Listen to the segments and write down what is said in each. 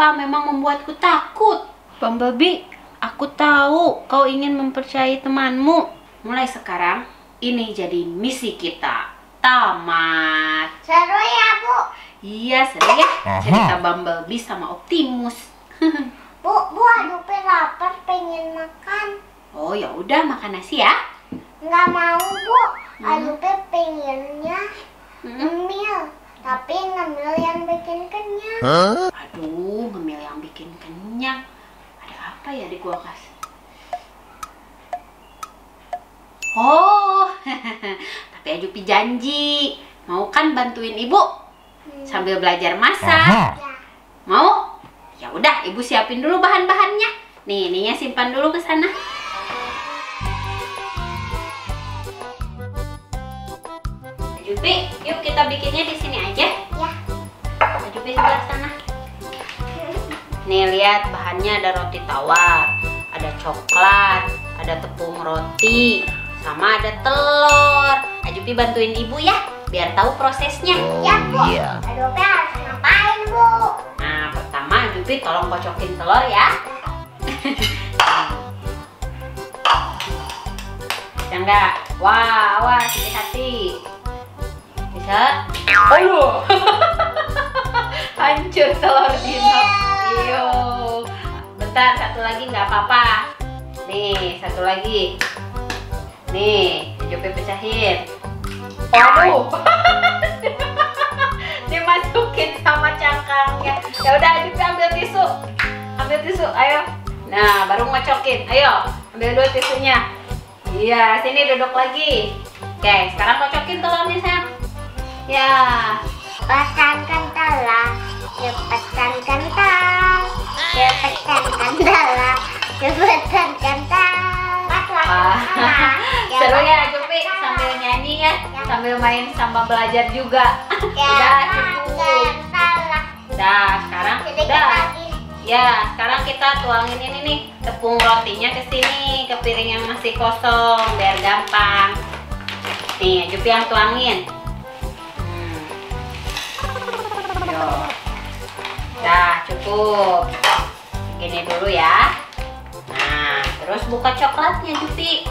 apa memang membuatku takut. Bumblebee, aku tahu kau ingin mempercayai temanmu. Mulai sekarang, ini jadi misi kita. Tamat. Seru ya, Bu? Iya, seru ya. Cerita Bumblebee sama Optimus. bu, Bu, aduh lapar, pengen makan. Oh, ya udah makan nasi ya. Nggak mau, Bu. Hmm. Aduh pengennya hmm. Mil tapi ngemil yang bikin kenyang huh? aduh ngemil yang bikin kenyang ada apa ya di kulkas oh tapi Ajupi janji mau kan bantuin ibu hmm. sambil belajar masak ya. mau ya udah ibu siapin dulu bahan-bahannya nih ininya simpan dulu ke sana Pi, yuk kita bikinnya di sini aja. Ya. Baju sebelah sana. Nih lihat bahannya ada roti tawar, ada coklat, ada tepung roti, sama ada telur. Ajupi bantuin ibu ya, biar tahu prosesnya. Oh, ya bu. Iya. Ajupi harus ngapain bu? Nah pertama Ajupi tolong kocokin telur ya. Ya enggak? Wah, awas hati-hati bisa aduh hancur telur dinop iyo bentar satu lagi nggak apa-apa nih satu lagi nih jupi pecahin aduh dimasukin sama cangkangnya ya udah kita ambil tisu ambil tisu ayo nah baru ngocokin ayo ambil dua tisunya iya sini duduk lagi oke sekarang cocokin telurnya sayang Ya. pesan kentala ya pesan kental. Lepaskan ya, kental lah. Ya, Lepaskan kental. Wah, ya, seru ya Cupi sambil nyanyi ya, sambil main sama belajar juga. Ya, udah cukup. Nah, sekarang udah. Ya, sekarang kita tuangin ini nih tepung rotinya ke sini, ke piring yang masih kosong biar gampang. Nih, Cupi yang tuangin. nah cukup gini dulu ya nah terus buka coklatnya Jupi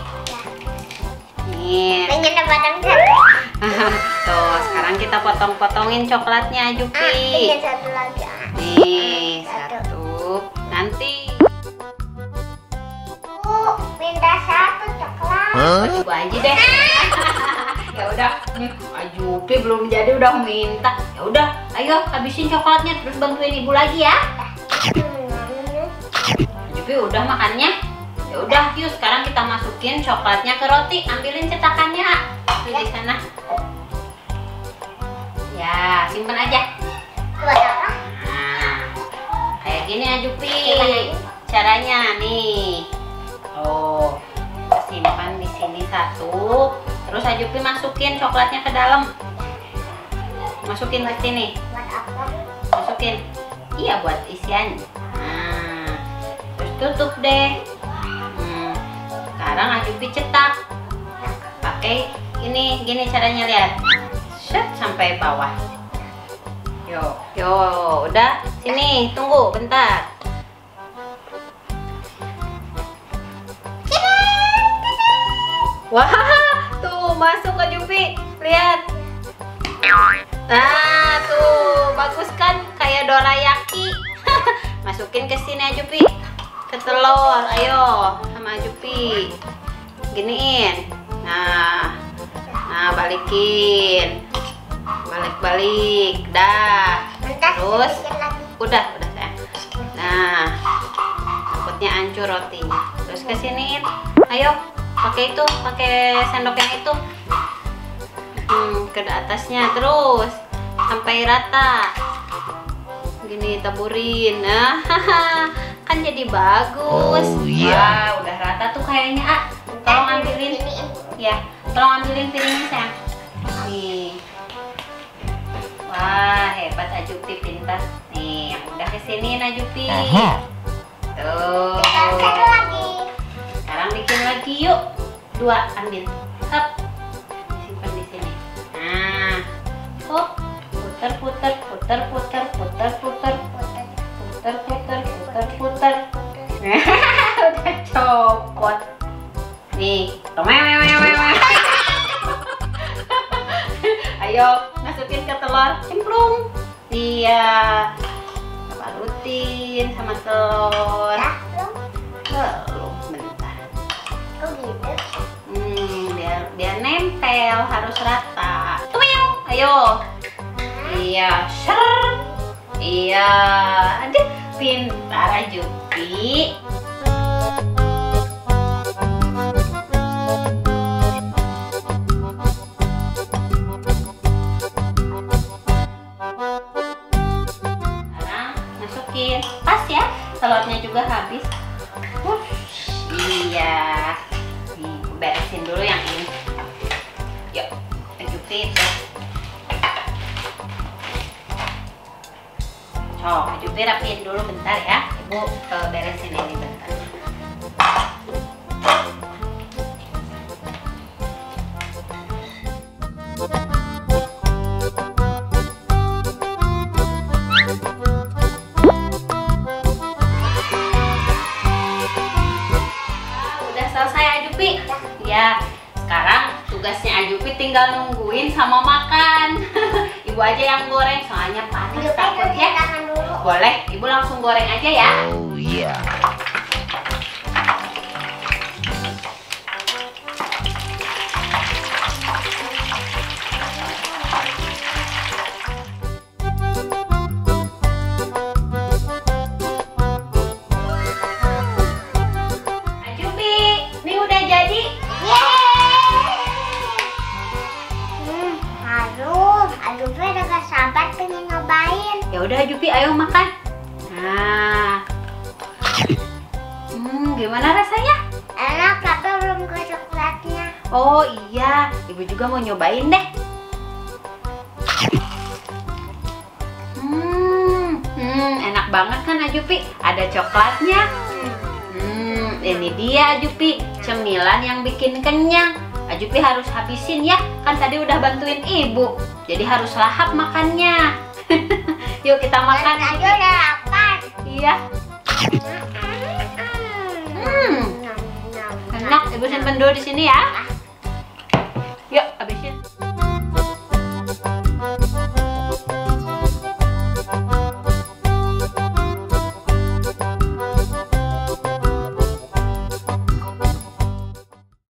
nih pengen potong tuh sekarang kita potong-potongin coklatnya Jupi ah, satu lagi ah. nih satu nanti Bu minta satu coklat. Huh? Coba aja deh. ya udah, hmm, Jupi Ajupi belum jadi udah minta. Ya udah, Ayo, habisin coklatnya terus bantuin ibu lagi ya. Jupi udah makannya? Ya udah, yuk sekarang kita masukin coklatnya ke roti. Ambilin cetakannya, ah, di sana. Ya, simpan aja. Nah, kayak gini ya Jupi. Caranya nih. Oh, simpan di sini satu. Terus Ajupi ya, masukin coklatnya ke dalam masukin ke sini buat apa masukin iya buat isian nah terus tutup deh hmm. sekarang Ajupi cetak pakai ini gini caranya lihat set sampai bawah yo yo udah sini tunggu bentar Wah, tuh masuk ke Jupi. Lihat. Nah, tuh bagus kan kayak dorayaki. Masukin ke sini aja, Pi. Ke telur, ayo sama aja, Pi. Giniin. Nah. Nah, balikin. Balik-balik. Dah. Terus udah, udah sayang. Nah, takutnya hancur rotinya. Terus ke siniin. Ayo, pakai itu, pakai sendok yang itu. Hmm ke atasnya terus sampai rata gini taburin nah kan jadi bagus oh, iya Wah, udah rata tuh kayaknya ah tolong ambilin ya tolong ambilin piringnya sayang nih wah hebat Ajupi pintar nih yang udah kesini Ajupi tuh sekarang bikin lagi yuk dua ambil putar putar putar putar putar putar putar putar udah copot nih ayo masukin ke telur cemplung iya balutin sama telur belum ya. bentar kok gitu hmm biar biar nempel harus rata tuh ayo iya ser iya aduh pintar Jupi masukin pas ya telurnya juga habis uh, iya beresin dulu yang ini yuk Jupi Oh, nah, baju rapiin dulu bentar ya. Ibu uh, beresin ini bentar. Ah, ya, sekarang tugasnya Ajupi tinggal nungguin sama makan. ibu aja yang goreng soalnya panas takutnya. Boleh, ibu langsung goreng aja ya. Oh iya. Yeah. Ayo makan. Nah. Hmm, gimana rasanya? Enak, tapi belum ke coklatnya. Oh iya, Ibu juga mau nyobain deh. Hmm, hmm enak banget kan Ajupi? Ada coklatnya. Hmm, ini dia Ajupi, cemilan yang bikin kenyang. Ajupi harus habisin ya, kan tadi udah bantuin ibu. Jadi harus lahap makannya. Yuk kita makan. Ayo ya, lapar. Iya. Hmm. Enak, Ibu simpen dulu di sini ya. Yuk, habisin.